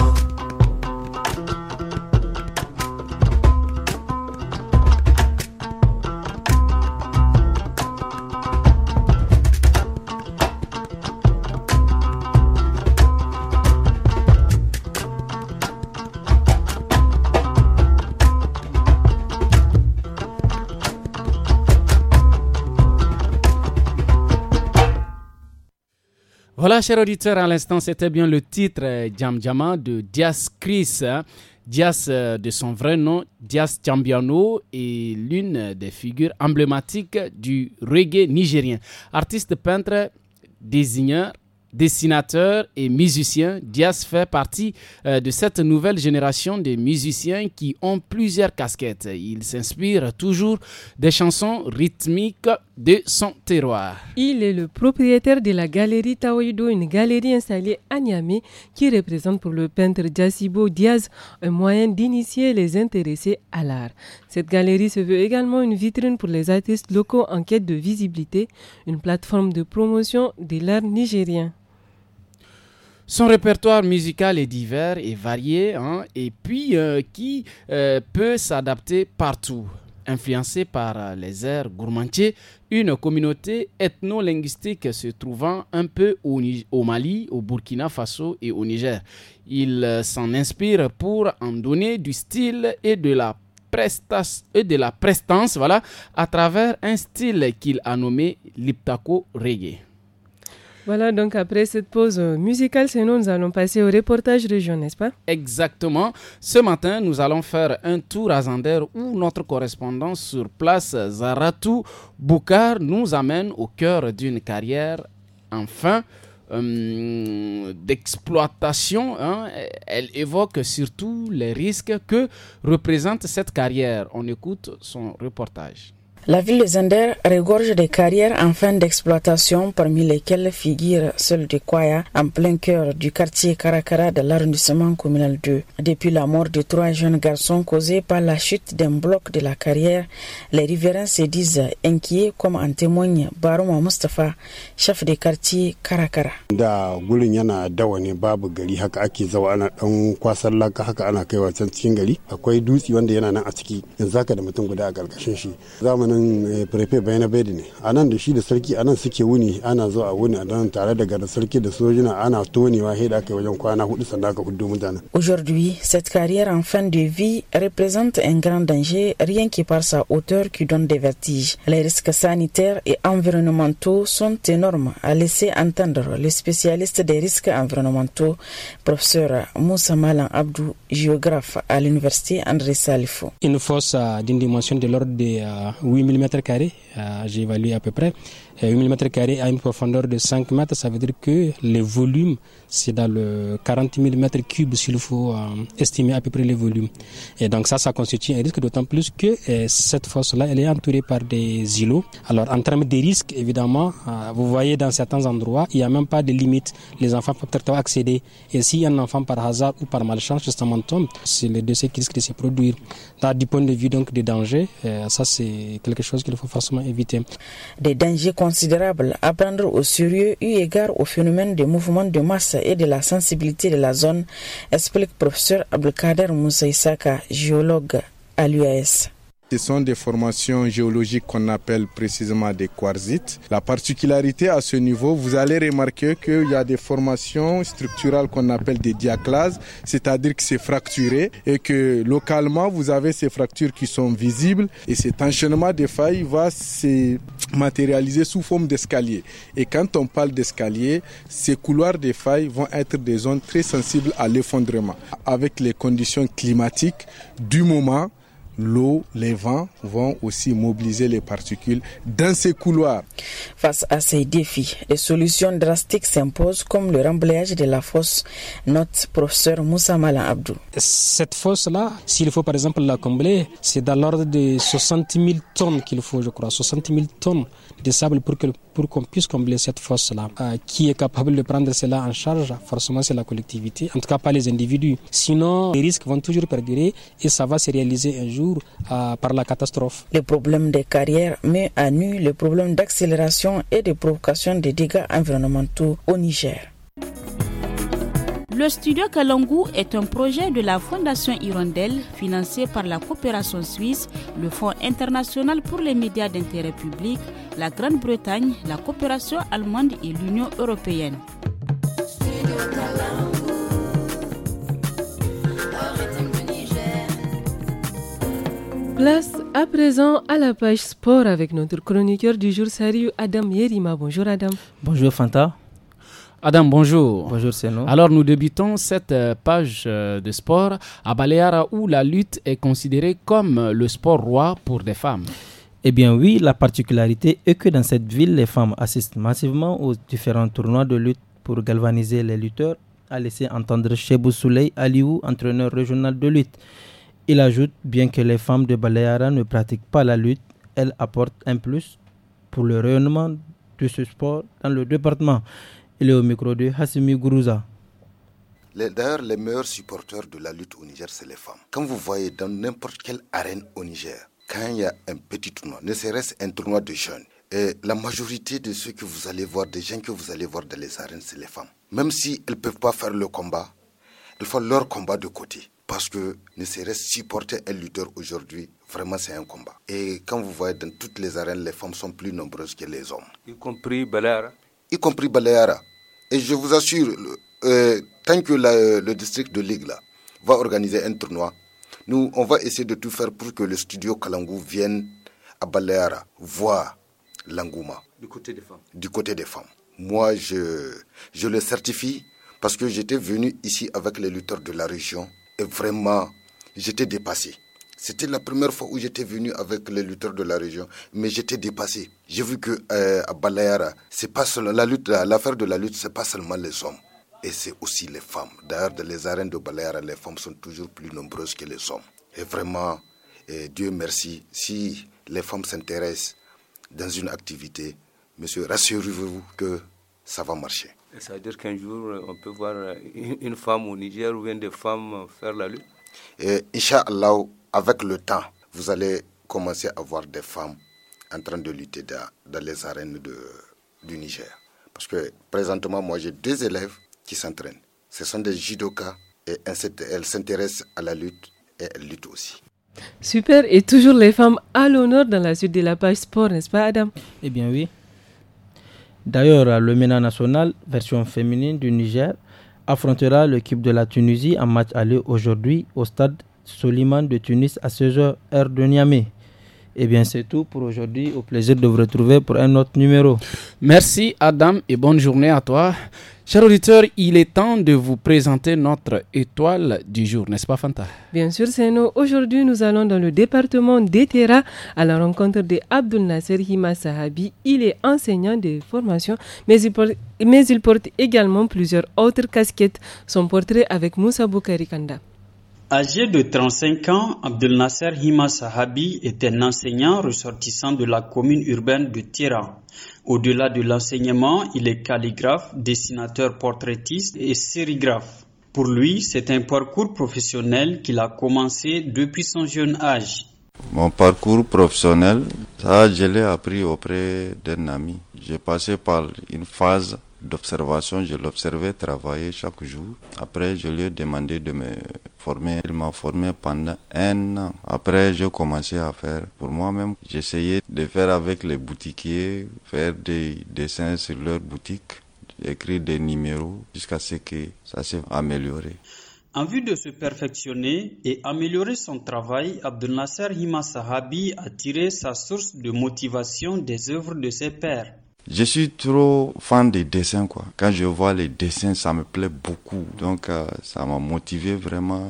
Voilà, chers auditeurs, à l'instant, c'était bien le titre euh, Jam Jama de Dias Chris. Hein. Dias, euh, de son vrai nom, Dias Chambiano, et l'une des figures emblématiques du reggae nigérien. Artiste peintre, désigneur, Dessinateur et musicien, Diaz fait partie euh, de cette nouvelle génération de musiciens qui ont plusieurs casquettes. Il s'inspire toujours des chansons rythmiques de son terroir. Il est le propriétaire de la galerie Taoïdo, une galerie installée à Niamey qui représente pour le peintre Jacibo Diaz un moyen d'initier les intéressés à l'art. Cette galerie se veut également une vitrine pour les artistes locaux en quête de visibilité, une plateforme de promotion de l'art nigérien. Son répertoire musical est divers et varié, hein, et puis euh, qui euh, peut s'adapter partout. Influencé par euh, les airs gourmandiers, une communauté ethno-linguistique se trouvant un peu au, au, Mali, au Burkina Faso et au Niger. Il s'en inspire pour en donner du style et de la et euh, de la prestance voilà, à travers un style qu'il a nommé l'Iptako Reggae. Voilà, donc après cette pause musicale, sinon nous allons passer au reportage région, n'est-ce pas Exactement. Ce matin, nous allons faire un tour à Zander où notre correspondant sur place, Zaratou Boukar, nous amène au cœur d'une carrière, enfin, euh, d'exploitation, hein, elle évoque surtout les risques que représente cette carrière. On écoute son reportage. La ville de Zender regorge des carrières en fin d'exploitation, parmi lesquelles figure celle de Kwaya, en plein cœur du quartier Karakara de l'arrondissement communal 2. Depuis la mort de trois jeunes garçons causés par la chute d'un bloc de la carrière, les riverains se disent inquiets, comme en témoigne Baroma Mustafa, chef de quartier Karakara. Eh, Aujourd'hui, cette carrière en fin de vie représente un grand danger rien que par sa hauteur qui donne des vertiges. Les risques sanitaires et environnementaux sont énormes, a laissé entendre le spécialiste des risques environnementaux, professeur Moussa Malan Abdou, géographe à l'université André Salifo. Une force euh, d'une dimension de l'ordre de euh, 8000 m2, euh, j'évalue à peu près. 1 mètres à une profondeur de 5 mètres, ça veut dire que le volume c'est dans le 40 000 mètres cubes s'il faut euh, estimer à peu près le volume. Et donc ça, ça constitue un risque d'autant plus que euh, cette fosse-là, elle est entourée par des îlots. Alors en termes de risques, évidemment, euh, vous voyez dans certains endroits, il n'y a même pas de limite. Les enfants peuvent peut-être accéder. Et si un enfant par hasard ou par malchance justement tombe, c'est le décès qui risque de se produire. Là, du point de vue donc des dangers, ça c'est quelque chose qu'il faut forcément éviter. Des dangers qu'on considérable à prendre au sérieux eu égard au phénomène des mouvements de masse et de la sensibilité de la zone, explique professeur Abdelkader Moussaïsaka, géologue à l'UAS. Ce sont des formations géologiques qu'on appelle précisément des quartzites. La particularité à ce niveau, vous allez remarquer qu'il y a des formations structurales qu'on appelle des diaclases, c'est-à-dire que c'est fracturé et que localement, vous avez ces fractures qui sont visibles et cet enchaînement des failles va se matérialiser sous forme d'escalier. Et quand on parle d'escalier, ces couloirs des failles vont être des zones très sensibles à l'effondrement. Avec les conditions climatiques du moment, l'eau, les vents vont aussi mobiliser les particules dans ces couloirs. Face à ces défis, des solutions drastiques s'imposent comme le remblayage de la fosse, note professeur Moussa Malan Abdou. Cette fosse-là, s'il faut par exemple la combler, c'est dans l'ordre de 60 000 tonnes qu'il faut, je crois, 60 000 tonnes des sables pour qu'on pour puisse combler cette fosse-là. Euh, qui est capable de prendre cela en charge Forcément, c'est la collectivité, en tout cas pas les individus. Sinon, les risques vont toujours perdurer et ça va se réaliser un jour euh, par la catastrophe. Le problème des carrières met à nu le problème d'accélération et de provocation des dégâts environnementaux au Niger. Le studio Kalangu est un projet de la Fondation Hirondelle financé par la coopération suisse, le Fonds international pour les médias d'intérêt public, la Grande-Bretagne, la coopération allemande et l'Union européenne. Place à présent à la page sport avec notre chroniqueur du jour, Sariu Adam Yerima. Bonjour Adam. Bonjour Fanta. Adam, bonjour. Bonjour, nous. Alors, nous débutons cette euh, page euh, de sport à Baleara où la lutte est considérée comme le sport roi pour les femmes. Eh bien oui, la particularité est que dans cette ville, les femmes assistent massivement aux différents tournois de lutte pour galvaniser les lutteurs, a laissé entendre Chebou Souley Aliou, entraîneur régional de lutte. Il ajoute, bien que les femmes de Baleara ne pratiquent pas la lutte, elles apportent un plus pour le rayonnement de ce sport dans le département. Il est au micro de Hassimi Gourouza. D'ailleurs, les meilleurs supporters de la lutte au Niger, c'est les femmes. Quand vous voyez dans n'importe quelle arène au Niger, quand il y a un petit tournoi, ne serait-ce un tournoi de jeunes, et la majorité de ceux que vous allez voir, des gens que vous allez voir dans les arènes, c'est les femmes. Même si elles ne peuvent pas faire le combat, elles font leur combat de côté. Parce que ne serait-ce supporter un lutteur aujourd'hui, vraiment c'est un combat. Et quand vous voyez dans toutes les arènes, les femmes sont plus nombreuses que les hommes. Y compris Belair y compris Baleara. Et je vous assure, euh, tant que euh, le district de Ligue va organiser un tournoi, nous, on va essayer de tout faire pour que le studio Kalangou vienne à Baleara voir l'Angouma. Du côté des femmes. Du côté des femmes. Moi, je, je le certifie parce que j'étais venu ici avec les lutteurs de la région et vraiment, j'étais dépassé. C'était la première fois où j'étais venu avec les lutteurs de la région, mais j'étais dépassé. J'ai vu que euh, à Balayara, c'est pas seulement la lutte, l'affaire de la lutte, c'est pas seulement les hommes, et c'est aussi les femmes. D'ailleurs, dans les arènes de Balayara, les femmes sont toujours plus nombreuses que les hommes. Et vraiment, Dieu merci, si les femmes s'intéressent dans une activité, monsieur, rassurez-vous que ça va marcher. Ça veut dire qu'un jour, on peut voir une femme au Niger ou bien des femmes faire la lutte Inch'Allah, avec le temps, vous allez commencer à voir des femmes en train de lutter dans, les arènes du Niger. Parce que présentement, moi, j'ai deux élèves qui s'entraînent. Ce sont des judokas et elles s'intéressent à la lutte et elles luttent aussi. Super, et toujours les femmes à l'honneur dans la suite de la page sport, n'est-ce pas Adam Eh bien oui. D'ailleurs, le MENA national, version féminine du Niger, affrontera l'équipe de la Tunisie en match aller aujourd'hui au stade Soliman de Tunis à ce jour heure de Niamey. Et eh bien, c'est tout pour aujourd'hui. Au plaisir de vous retrouver pour un autre numéro. Merci, Adam, et bonne journée à toi. Cher auditeur, il est temps de vous présenter notre étoile du jour, n'est-ce pas, Fanta Bien sûr, c'est nous. Aujourd'hui, nous allons dans le département d'Etera à la rencontre de Abdul Nasser Hima Sahabi. Il est enseignant de formation, mais il, porte, également plusieurs autres casquettes. Son portrait avec Moussa Boukarikanda. Âgé de 35 ans, Abdel Nasser Hima Sahabi est un enseignant ressortissant de la commune urbaine de Téhéran. Au-delà de l'enseignement, il est calligraphe, dessinateur portraitiste et sérigraphe. Pour lui, c'est un parcours professionnel qu'il a commencé depuis son jeune âge. Mon parcours professionnel, ça, je l'ai appris auprès d'un ami. J'ai passé par une phase d'observation, je l'observais travailler chaque jour. Après, je lui ai demandé de me former. Il m'a formé pendant un an. Après, j'ai commencé à faire pour moi-même. J'essayais de faire avec les boutiquiers, faire des dessins sur leur boutique, écrire des numéros jusqu'à ce que ça s'est amélioré. En vue de se perfectionner et améliorer son travail, Abdel Nasser Hima Sahabi a tiré sa source de motivation des œuvres de ses pères. Je suis trop fan des dessins, quoi. Quand je vois les dessins, ça me plaît beaucoup. Donc, euh, ça m'a motivé vraiment.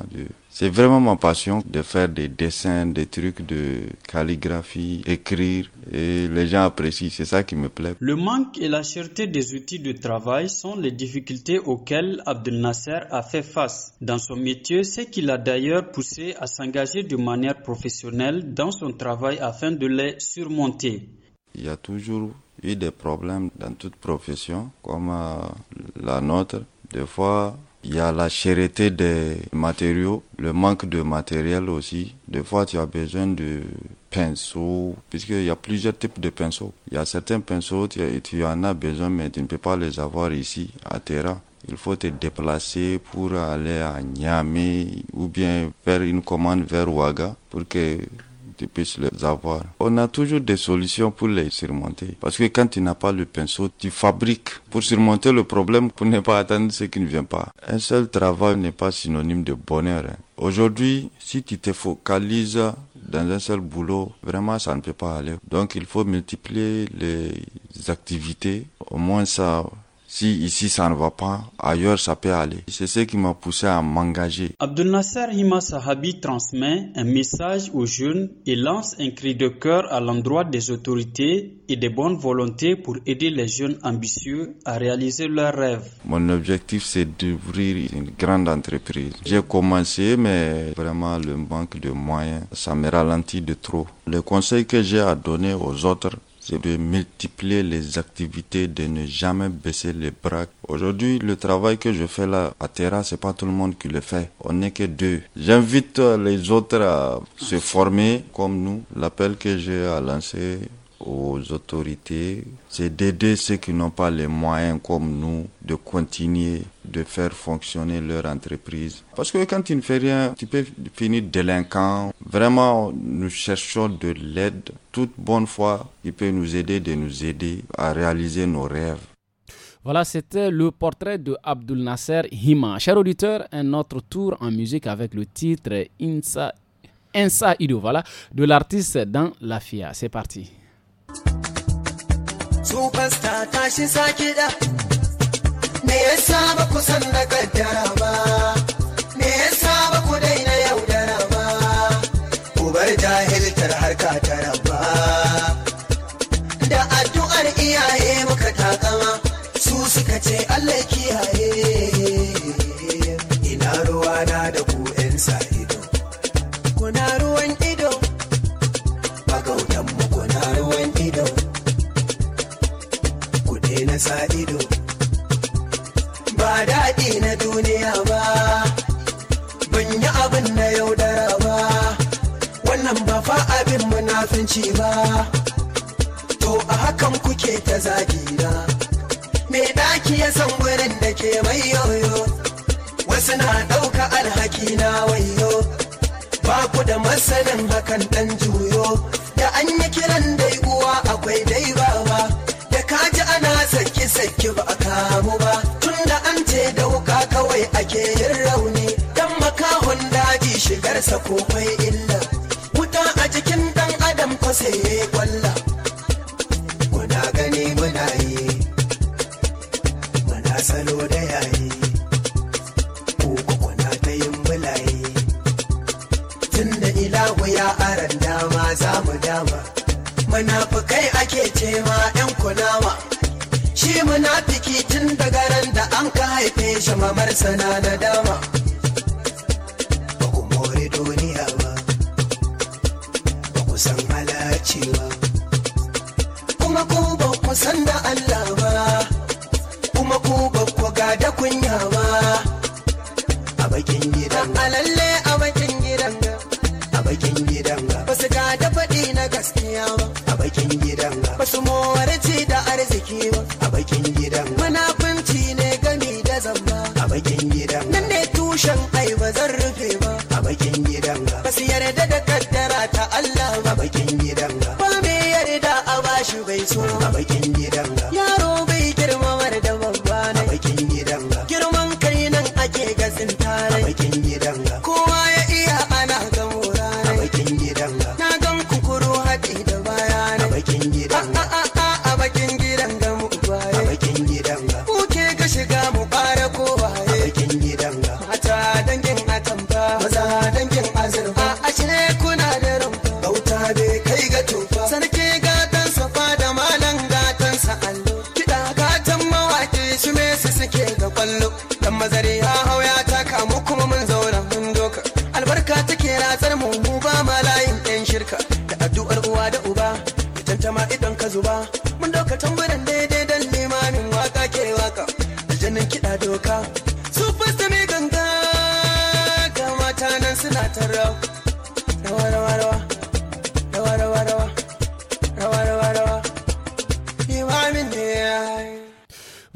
C'est vraiment ma passion de faire des dessins, des trucs de calligraphie, écrire, et les gens apprécient. C'est ça qui me plaît. Le manque et la cherté des outils de travail sont les difficultés auxquelles Abdel Nasser a fait face dans son métier, c'est qui l'a d'ailleurs poussé à s'engager de manière professionnelle dans son travail afin de les surmonter. Il y a toujours a des problèmes dans toute profession comme euh, la nôtre. Des fois, il y a la chérité des matériaux, le manque de matériel aussi. Des fois, tu as besoin de pinceaux, puisqu'il y a plusieurs types de pinceaux. Il y a certains pinceaux, tu, tu en as besoin, mais tu ne peux pas les avoir ici, à Terra. Il faut te déplacer pour aller à Niamey ou bien faire une commande vers Ouaga pour que tu les avoir. On a toujours des solutions pour les surmonter. Parce que quand tu n'as pas le pinceau, tu fabriques pour surmonter le problème, pour ne pas attendre ce qui ne vient pas. Un seul travail n'est pas synonyme de bonheur. Hein. Aujourd'hui, si tu te focalises dans un seul boulot, vraiment ça ne peut pas aller. Donc il faut multiplier les activités. Au moins ça si ici ça ne va pas, ailleurs ça peut aller. C'est ce qui m'a poussé à m'engager. Abdel Nasser Hima Sahabi transmet un message aux jeunes et lance un cri de cœur à l'endroit des autorités et des bonnes volontés pour aider les jeunes ambitieux à réaliser leurs rêves. Mon objectif c'est d'ouvrir une grande entreprise. J'ai commencé mais vraiment le manque de moyens, ça me ralentit de trop. Le conseil que j'ai à donner aux autres, c'est de multiplier les activités, de ne jamais baisser les bras. Aujourd'hui, le travail que je fais là à Terra, c'est pas tout le monde qui le fait. On n'est que deux. J'invite les autres à se former comme nous. L'appel que j'ai à lancer aux autorités, c'est d'aider ceux qui n'ont pas les moyens comme nous de continuer de faire fonctionner leur entreprise. Parce que quand tu ne fais rien, tu peux finir délinquant. Vraiment, nous cherchons de l'aide. Toute bonne foi, il peut nous aider de nous aider à réaliser nos rêves. Voilà, c'était le portrait de Abdul Nasser Hima. Chers auditeurs, un autre tour en musique avec le titre Insa, Insa Ido, voilà, de l'artiste dans la FIA. C'est parti. Superstar tashi sa kiɗa. Me yasa ba ku san na kaddara ba? Me yasa ba ku daina yaudara ba? Ku bar jahiltar harka ta raba Da addu'ar iyaye muka takama, su suka ce Allah kiyaye. Ina na da sa ido ba daɗi na duniya ba ban yi abin na yaudara ba wannan ba fa abin munafinci ba to a hakan kuke ta na? me ɗaki ya san wurin da ke mai yoyo wasu na ɗauka alhaki na wayo ba ku da masanin hakan ɗan juyo saki ba a kamu ba tunda an ce da wuka kawai ake yin rauni dan makahon daji shigarsa ko kai illa wuta a jikin dan adam ko sai ya kwalla muna gani muna yi muna salo da yayi ko kuna ta yin bulaye tunda ilahu ya aranda dama za mu dama muna wuce mamar sana dama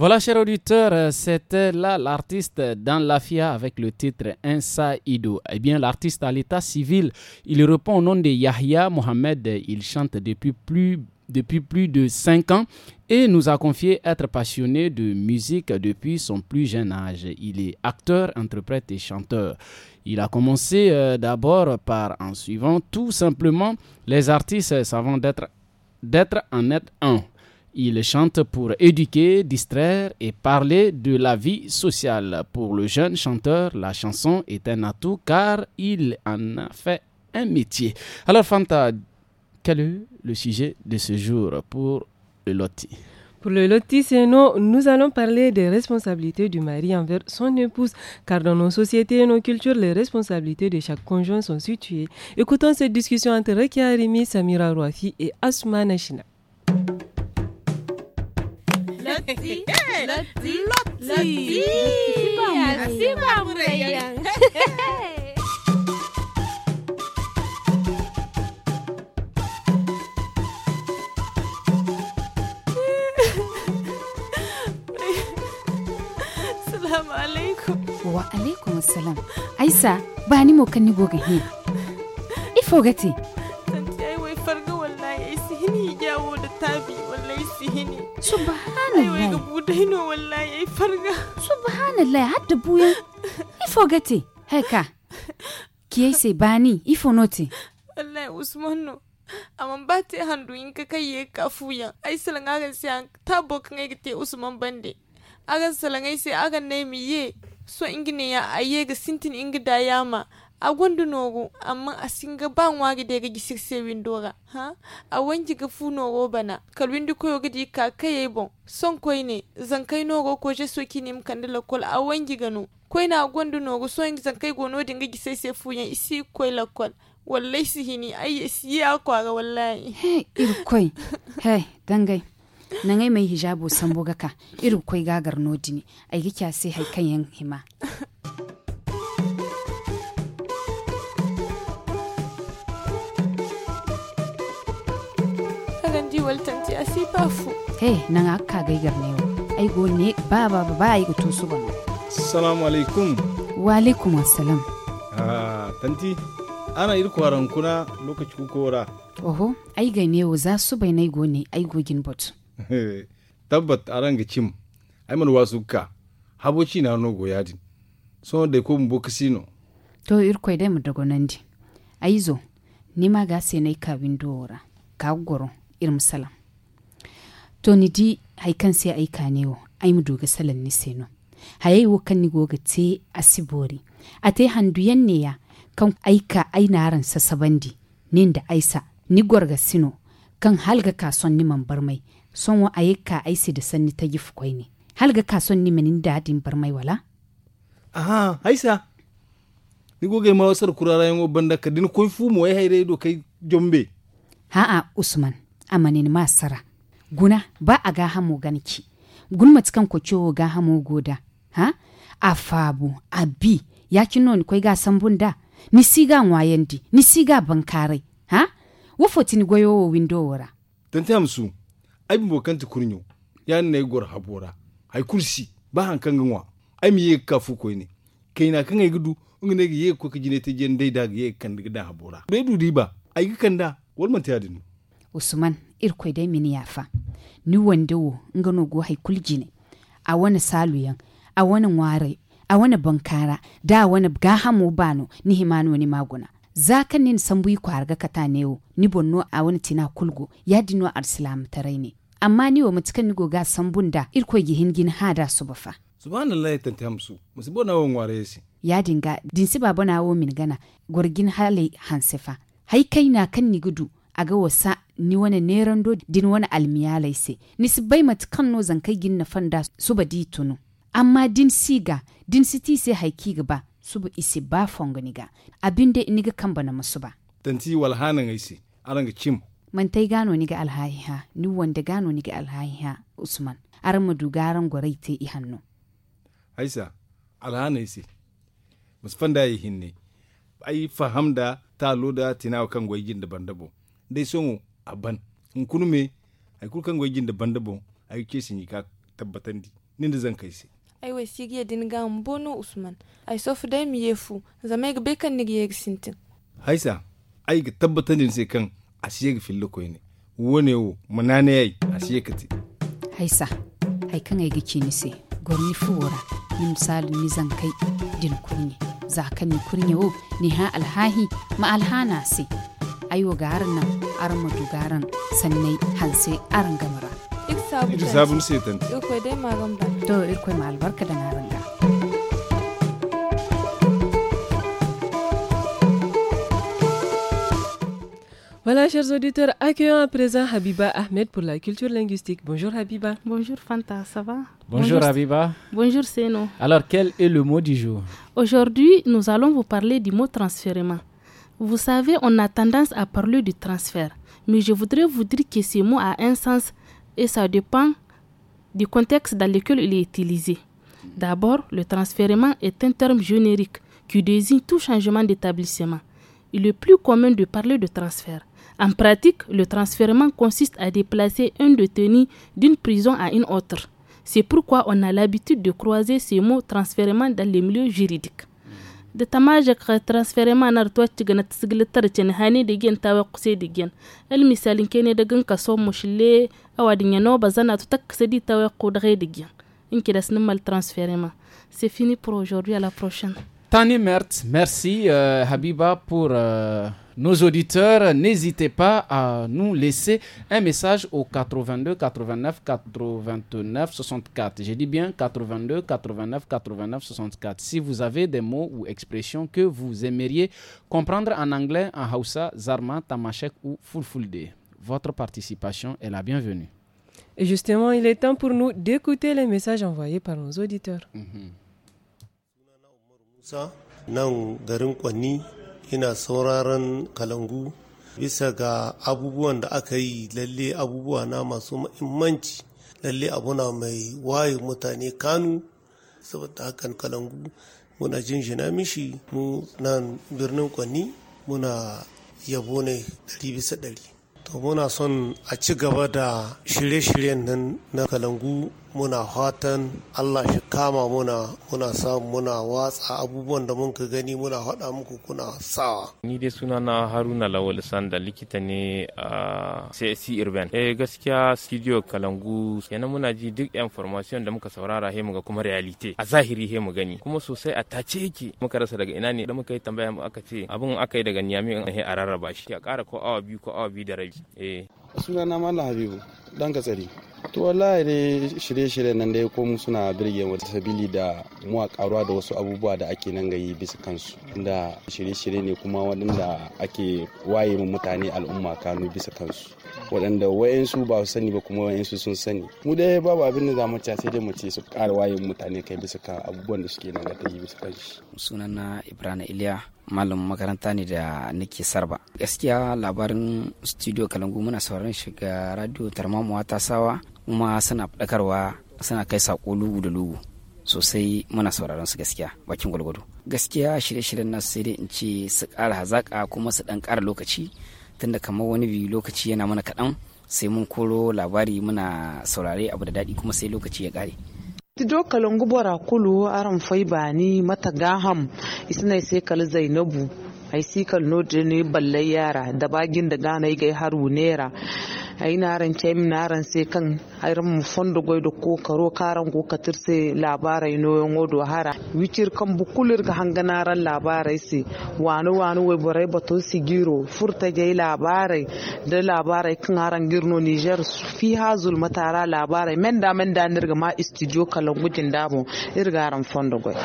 Voilà, chers auditeurs, euh, c'était là l'artiste dans la FIA avec le titre Insa Ido. Eh bien, l'artiste à l'état civil, il répond au nom de Yahya Mohamed. Il chante depuis plus, depuis plus de 5 ans et nous a confié être passionné de musique depuis son plus jeune âge. Il est acteur, interprète et chanteur. Il a commencé euh, d'abord par en suivant tout simplement les artistes savants d'être d'être en être un il chante pour éduquer, distraire et parler de la vie sociale. Pour le jeune chanteur, la chanson est un atout car il en a fait un métier. Alors Fanta, quel est le sujet de ce jour pour le loti pour le loti, nous, nous allons parler des responsabilités du mari envers son épouse, car dans nos sociétés et nos cultures, les responsabilités de chaque conjoint sont situées. Écoutons cette discussion entre Rekia Arimi, Samira Rouafi et Asma Nashina. Loti. Loti. Loti. Loti. Wa assalam. Aisa, ba ni mo kan ni goga Ifo gati. Tanti ai wai farga sihini ya subhanallah ga budaino wallahi yayi farga subhanallah hadda buya ifo gate heka kiyese bani ifo note wallahi usman no amma ba te handu in ka kai ka fuya ai salan aga sai ta bokan ai te usman bande aga salan ai sai aga ne ye. so ingine ya ayega sintin inga da yama a gwanda nogo amma a singa ban wari daga gisir se ga ha a wanji ga fu nogo bana kal windi koyo gidi ka kaye bon son koyi ne zan kai nogo ko je soki nim kandala kol a wanji no koyi na gwanda nogo so ingi zan kai gono dinga gisai se fu yan isi koi la kol wallahi sihini ai isi ya ga wallahi he irkoi he dangai nangai mai hijabu sambo gaka iru koi gagar nodini ai gikya sai haikan yan hima di waltanti a si ba fu. Hey, nan akka gaigar ne Ai go ne ba ba ba ba ai gutu su bana. Assalamu alaikum. Wa alaikum assalam. Ah, tanti ana irko rankuna lokaci ku kora. Oho, ai ga ne za su bai na go ne ai gogin bot. tabbat aranga cim aiman wasu ka haboci na no go yadin so da ko mbo kasino to irko dai mu dago nan di aizo ni ma ga sai nai ka windora ka goro irin salam to ni di kan sai aika ne newo ai mu doga salan ni seno hayai wo kan ni goga te asibori ate handu yanne ya kan aika aina ran sabandi nin da aisa ni gorga sino kan halga kason niman barmai son wa ayyuka aise da sanni ta gifu kwai ne halga ka son ni da hadin bar mai wala aha haisa ni goge ma wasar kurara yan banda ka din kun fu wai haire do kai jombe ha'a usman amanin masara guna ba a ga hamo ganki gun matikan ko ciwo ga hamo goda ha a fabu a bi ya kino ni kai ga sambun da ni siga ngwayendi ni siga bankarai ha wofo tini goyo windo wora tantam ai bokan ta kurnyo yan na igor habora ai kursi ba han kan ganwa ai mi ye ka ne kai n'a kan ai gudu ne ye ko ka jine te jen dai da ye kan da habora be du riba ai ga kanda wal man ta dinu usman irkoi dai mini yafa ni wanda wo no go hai kuljine a wani yan a wani ware a wani bankara da wani gahamu bano ni himano ni maguna zaka nin yi ko harga kata newo ni bonno a wani tina kulgo ya dino arsila tarai ne amma ni wa mutikan ni goga bunda. irko gihin gin hada su bafa subhanallah tanti hamsu musibo na won ware yasi ya dinga din si baba na wo min gana gorgin halai hansefa hai kai na kan ni gudu a ga wasa ni wani neran do din wani almiya laise ni si bai matukan no zankai gin na fanda su ba di tunu amma din si ga din si ti sai haiki gaba su ba isi ba ga, abin da ga kan bana musu ba tanti walhanan aisi aranga cim man tai gano ni ga alhaiha ni wanda gano ni ga alhaiha usman ar ma dugaran gwarai te i hannu aisa alhana isi musfan da yi hinne ai faham da ta loda tinawa kan gwaijin da bandabo dai so mu aban in kunu me ai kul kan gwaijin da bandabo ai ke sin ka tabbatan di ni da zan kai sai ai wai sigiya din ga mbono usman ai sofu dai mi yefu zama ga bekan ni ga yegsintin aisa ai ga tabbatan din sai kan asiye ga fili ko ne wone wo a yayi ka kati haisa hay kan yi gici ni se gorni fuwara ni misali ni zan kai din kunye za ka ni kunye wo ni ha alhahi ma alhana se ayo garan nan arma garan sannai hanse aran gamara duk sabun sai tan irkoi dai ma gamba to irkoi ma albarka da naran Voilà, chers auditeurs, accueillons à présent Habiba Ahmed pour la culture linguistique. Bonjour Habiba. Bonjour Fanta, ça va Bonjour, Habiba. Bonjour Seno. Alors, quel est le mot du jour Aujourd'hui, nous allons vous parler du mot transférément Vous savez, on a tendance à parler du transfert, mais je voudrais vous dire que ce mot a un sens et ça dépend du contexte dans lequel il est utilisé. D'abord, le transférément est un terme générique qui désigne tout changement d'établissement. Il est plus commun de parler de transfert en pratique, le transfèrement consiste à déplacer un détenu d'une prison à une autre. C'est pourquoi on a l'habitude de croiser ces mots transfèrement dans les milieux juridiques. da tamajaka transferema nartuwaci gana tsigilitar cin hani da gen tawa kuse da gen el misalin kene da gan kaso mushile awa dinya no bazana tu tak sedi tawa kudare da gen inki da snimal transferema c'est fini pour aujourd'hui à la prochaine Tani Mertz, merci euh, Habiba pour euh, nos auditeurs, n'hésitez pas à nous laisser un message au 82 89 89 64. J'ai dit bien 82 89 89 64. Si vous avez des mots ou expressions que vous aimeriez comprendre en anglais, en Hausa, Zarma, Tamashek ou Fulfulde, votre participation est la bienvenue. Et justement, il est temps pour nous d'écouter les messages envoyés par nos auditeurs. Mhm. ina sauraron kalangu bisa ga abubuwan da aka yi lalle abubuwa na masu mahimmanci lalle abuna mai waye mutane kanu saboda hakan kalangu muna jin shi na mishi mu nan birnin kwanni muna yabo ne ɗari bisa ɗari to muna son a ci gaba da shirye-shiryen nan na kalangu muna fatan allah shi kama muna muna samu muna watsa abubuwan da muka gani muna haɗa muku kuna sawa ni dai suna na haruna lawal sanda likita ne a csc urban eh gaskiya studio kalangu kenan muna ji duk information da muka saurara he muga kuma realite a zahiri he mu gani kuma sosai a tace yake muka rasa daga ina ne da muka yi tambaya mu aka ce abin aka yi daga niyami a rarraba shi ya kara ko awa biyu ko awa biyu da rabi eh suna na mala habibu dan katsari to wallahi ne shirye-shiryen nan ya komu suna birge wata sabili da mu a karuwa da wasu abubuwa da ake nan gayi bisa kansu da shirye-shirye ne kuma waɗanda ake waye mutane al'umma kanu bisa kansu waɗanda wayansu ba su sani ba kuma wayansu sun sani mu dai babu abin da zamu ta sai dai mu ce su ƙara waye mutane kai bisa ka abubuwan da suke nan ta yi bisa kan shi sunana Ibrahim Iliya malam makaranta ne da nake sarba gaskiya labarin studio kalangu muna sauraron shiga radio tarmamuwa ta sawa kuma suna faɗakarwa suna kai sako lugu da lugu sosai muna sauraron su gaskiya bakin gwalgwado gaskiya shirye-shiryen nasu sai dai in ce su kara hazaƙa kuma su ɗan ƙara lokaci tunda kamar wani biyu lokaci yana mana kaɗan sai mun koro labari muna saurare abu da daɗi kuma sai lokaci ya ƙare. Tido gubara kulu aran fai bani mata gaham isna sai kal Zainabu ai sikal no ne balle da bagin da gana gai haru nera ay naran cem naran se kan ayram mu fondo da ko karo karan go labarai no ino ngodo hara wicir kan bukulir ga hanganaran labarai se wano wano we borai bato sigiro furta je labarai da labarai kan aran girno Niger fi hazul matara labarai menda menda nirga ma studio kalangujin dabo irgaran fondo goy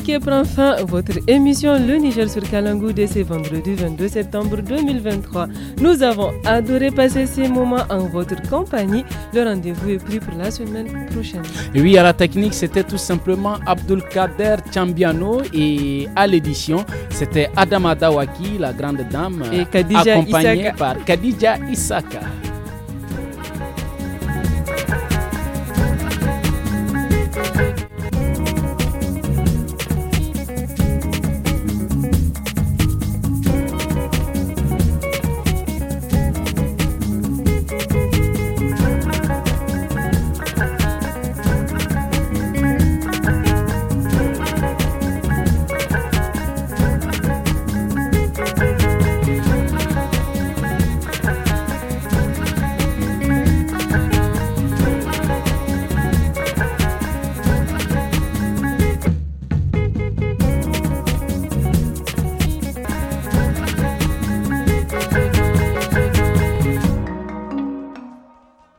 qui prend fin votre émission Le Niger sur Kalangu de ce vendredi 22 septembre 2023. Nous avons adoré passer ces moments en votre compagnie. Le rendez-vous est pris pour la semaine prochaine. Oui, à la technique, c'était tout simplement Abdul Kader Chambiano et à l'édition, c'était Adama Dawaki, la grande dame, et accompagnée par Khadija Isaka.